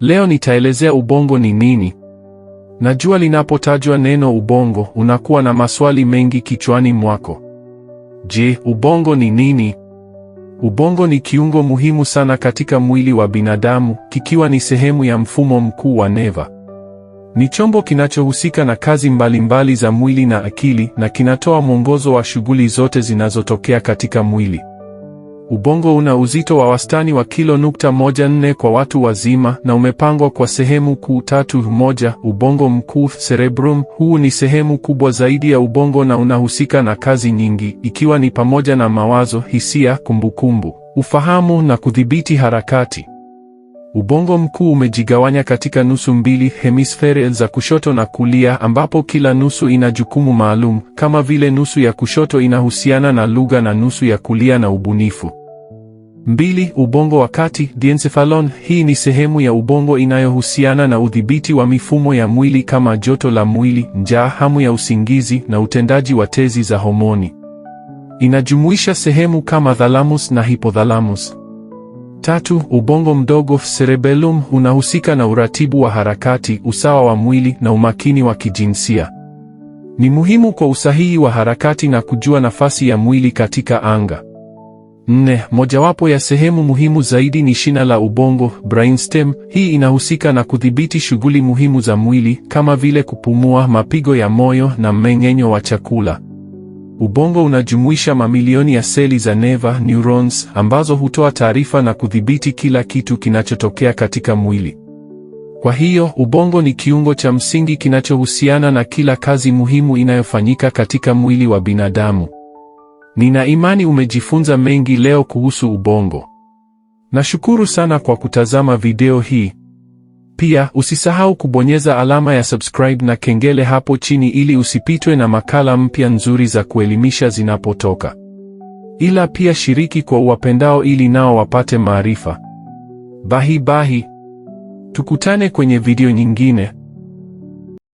Leo nitaelezea ubongo ni nini. Najua linapotajwa neno ubongo unakuwa na maswali mengi kichwani mwako. Je, ubongo ni nini? Ubongo ni kiungo muhimu sana katika mwili wa binadamu, kikiwa ni sehemu ya mfumo mkuu wa neva. Ni chombo kinachohusika na kazi mbalimbali mbali za mwili na akili na kinatoa mwongozo wa shughuli zote zinazotokea katika mwili. Ubongo una uzito wa wastani wa kilo nukta moja nne kwa watu wazima na umepangwa kwa sehemu kuu tatu. Moja, ubongo mkuu cerebrum. Huu ni sehemu kubwa zaidi ya ubongo na unahusika na kazi nyingi, ikiwa ni pamoja na mawazo, hisia, kumbukumbu, ufahamu na kudhibiti harakati. Ubongo mkuu umejigawanya katika nusu mbili, hemisfere za kushoto na kulia, ambapo kila nusu ina jukumu maalum, kama vile nusu ya kushoto inahusiana na lugha na nusu ya kulia na ubunifu. Mbili, ubongo wa kati, diencephalon, hii ni sehemu ya ubongo inayohusiana na udhibiti wa mifumo ya mwili kama joto la mwili, njaa, hamu ya usingizi na utendaji wa tezi za homoni. Inajumuisha sehemu kama thalamus na hypothalamus. Tatu, ubongo mdogo cerebellum unahusika na uratibu wa harakati, usawa wa mwili na umakini wa kijinsia. Ni muhimu kwa usahihi wa harakati na kujua nafasi ya mwili katika anga. Nne, mojawapo ya sehemu muhimu zaidi ni shina la ubongo brainstem. Hii inahusika na kudhibiti shughuli muhimu za mwili kama vile kupumua, mapigo ya moyo na mmeng'enyo wa chakula. Ubongo unajumuisha mamilioni ya seli za neva neurons, ambazo hutoa taarifa na kudhibiti kila kitu kinachotokea katika mwili. Kwa hiyo ubongo ni kiungo cha msingi kinachohusiana na kila kazi muhimu inayofanyika katika mwili wa binadamu. Nina imani umejifunza mengi leo kuhusu ubongo. Nashukuru sana kwa kutazama video hii. Pia usisahau kubonyeza alama ya subscribe na kengele hapo chini ili usipitwe na makala mpya nzuri za kuelimisha zinapotoka. Ila pia shiriki kwa uwapendao ili nao wapate maarifa. Bahi bahi. Tukutane kwenye video nyingine.